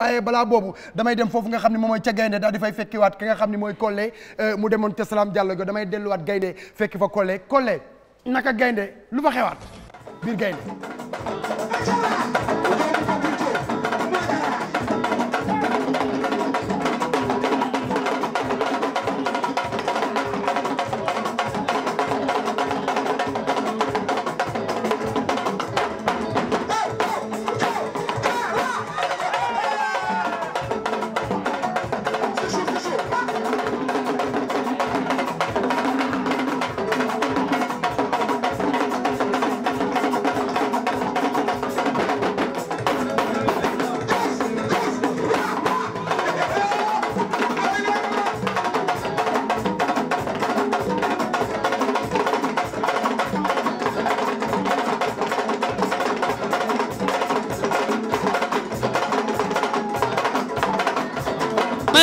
waaye balaa boobu damay dem foofu nga xam ne moom mooy ca gaynde daal di fay fekkiwaat ki nga xam ne mooy Collé euh, mu demoon te salaam Diallo go damay delluwaat gaynde fekki fa Collé Collé naka gaynde lu fa xewaat biir gaynde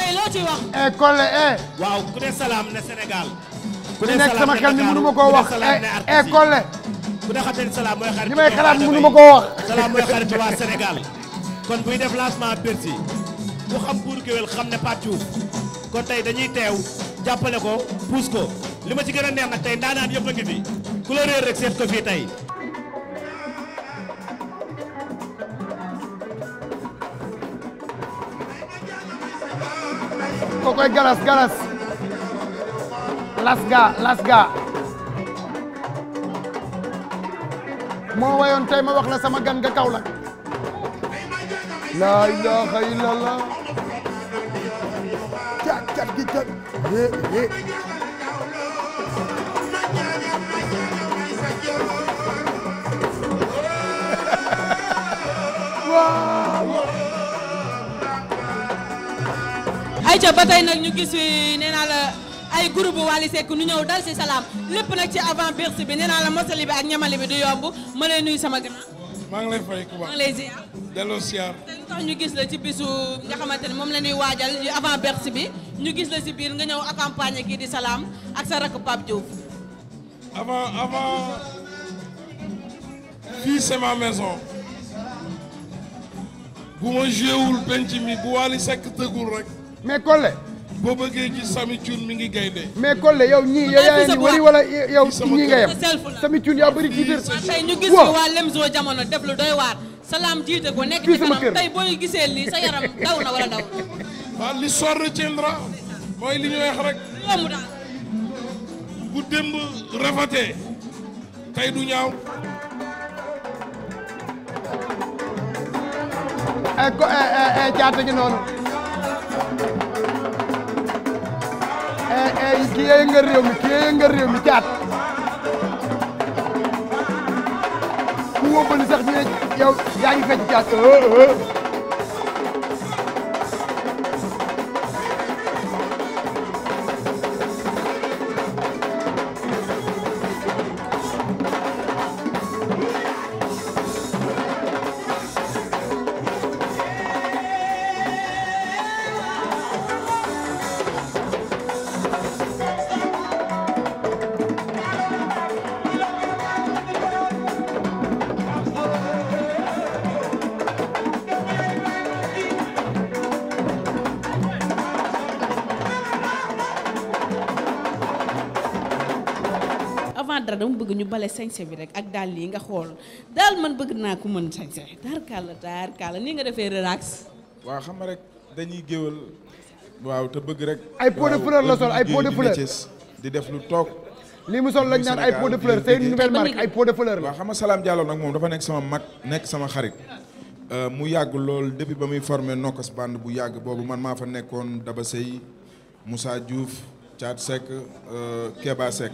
tey loo ciy wax. eh Collé eh. waaw ku ne salaam ne Sénégal. ku ne nekk sama xel mi ma koo wax eh eh Collé. ku ne xam ne salaam mooy xarit. li may xalaat mënu ma koo wax. salaam mooy xarit waa Sénégal. kon buy def lancement Bercy. ku xam buur géwél xam ne Pape Diouf. kon tey dañuy teew jàppale ko puus ko li ma ci gën a neex nag tey ndaanaan yëpp a ngi fi ku la réer rek seet ko fii tey. kokoy galas galas lasga lasga moo wayoon tey ma wax la sama gan nga Kaolack laa ilaha illallah cat cat gi cat ca ba tey nag ñu gis nee naa la ay groupe Wally Seck nu ñëw dal si salaam lépp nag ci avant Bercy bi nee naa la mosali bi ak ñamali bi du yomb ma lay nuy sama grand. maa ngi lay fay Kuba maa ngi tax ñu gis la ci bisu nga xamante ne moom la ñuy waajal avant Bercy bi ñu gis la ci biir nga ñëw accompagner kii di salaam ak sa rakk Pape Diouf. avant avant. fii c'est maison. bu ma jéewul penc bu Wally tëggul rek. mais Collé. boo bëggee ci Samy Thioune mi ngi gaynde mais Collé yow ñii yow yaa ngi wari wala yow ñii nga yem. Samy Thioune yaa bëri jiital. waaw tey ñu gis jamono def lu doy waar. salaam jiite ko nekk ci kanam tey boo gisee lii sa yaram daw na wala daw. waaw li ñu wax bu démb rafetee tey du ñaaw. Eh, eh, eh, ay kii yëngal réew mi kii yëngal réew mi caat ku wóbbali sax ñu ne yow yaa ngi fecc caat dara dama bëgg ñu bale sañse bi rek ak daal yi nga xool daal man bëgg naa ko mën sañse daar kàlla daar kàlla nii nga defee relax. waa xam nga rek dañuy géwal waaw te bëgg rek. ay pot de fleur la sol ay pot de fleur di def lu toog. lii mu sol lañ naan ay pot ay pot de la. waaw xam nga Salam Diallo nag moom dafa nekk sama mag nekk sama xarit. Euh, mu yàgg lool depuis ba muy formé Nokos band bu yàgg boobu man maa fa nekkoon Daba say Moussa juuf caat Seck euh, Keba Seck.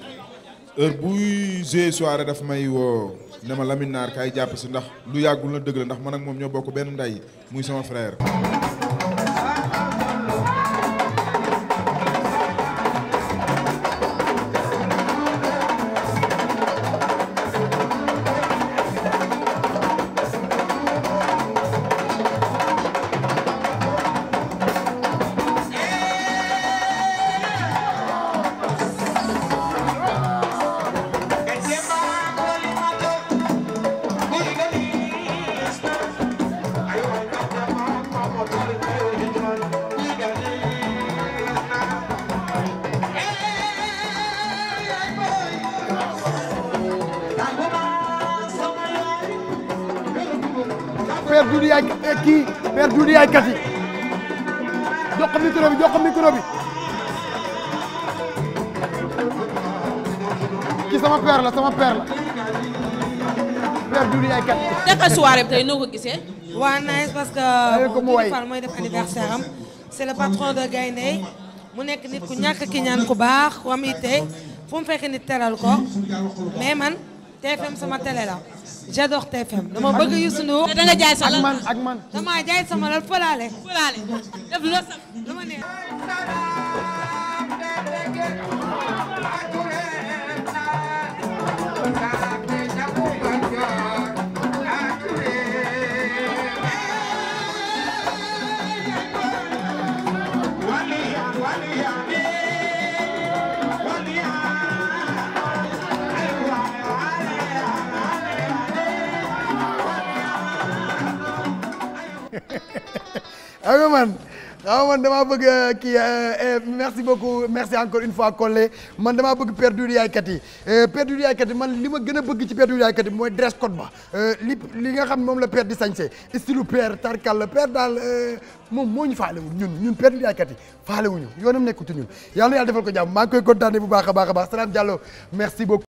heure buy joué soirée dafa may woo ne ma Lamine Naar kaay jàpp si ndax lu yàggul na dëgg la ndax man nag moom ñoo bokk benn ndey muy sama frère. père Doudou yaay eh, kii père Doudou yaay kat yi jox ko micro bi jox ko micro bi sama père sama père la père Doudou yaay parce que. mooy def anniversaire am. c' est mu nekk nit ku ñàkk ki ñaan ku baax ku am itte fu mu fekk nit teral ko mais TFM sama télé la j'adore TFM dama bëgg Youssou Ndour. da nga jaay sama man ak man. dama jaay sama lal fëlaale. fëlaale def lu la sax lu ma neex. xam nga man xam man damaa bëgg euh, kii euh, euh, merci beaucoup merci encore une fois Collé man damaa bëgg perdu yaaykat yi perdu yaaykat yi man li ma gën a bëgg ci perdu yaaykat yi mooy dress code ba li li nga xam moom la per di sañse style père tarkal la père daal moom moo ñu faalewul ñun ñun perdu yaaykat yi faalewuñu yoonam nekkutu ñun yàlla yàlla defal ko jàmm maa koy kontaane bu baax a baax a baax Salam Diallo merci beaucoup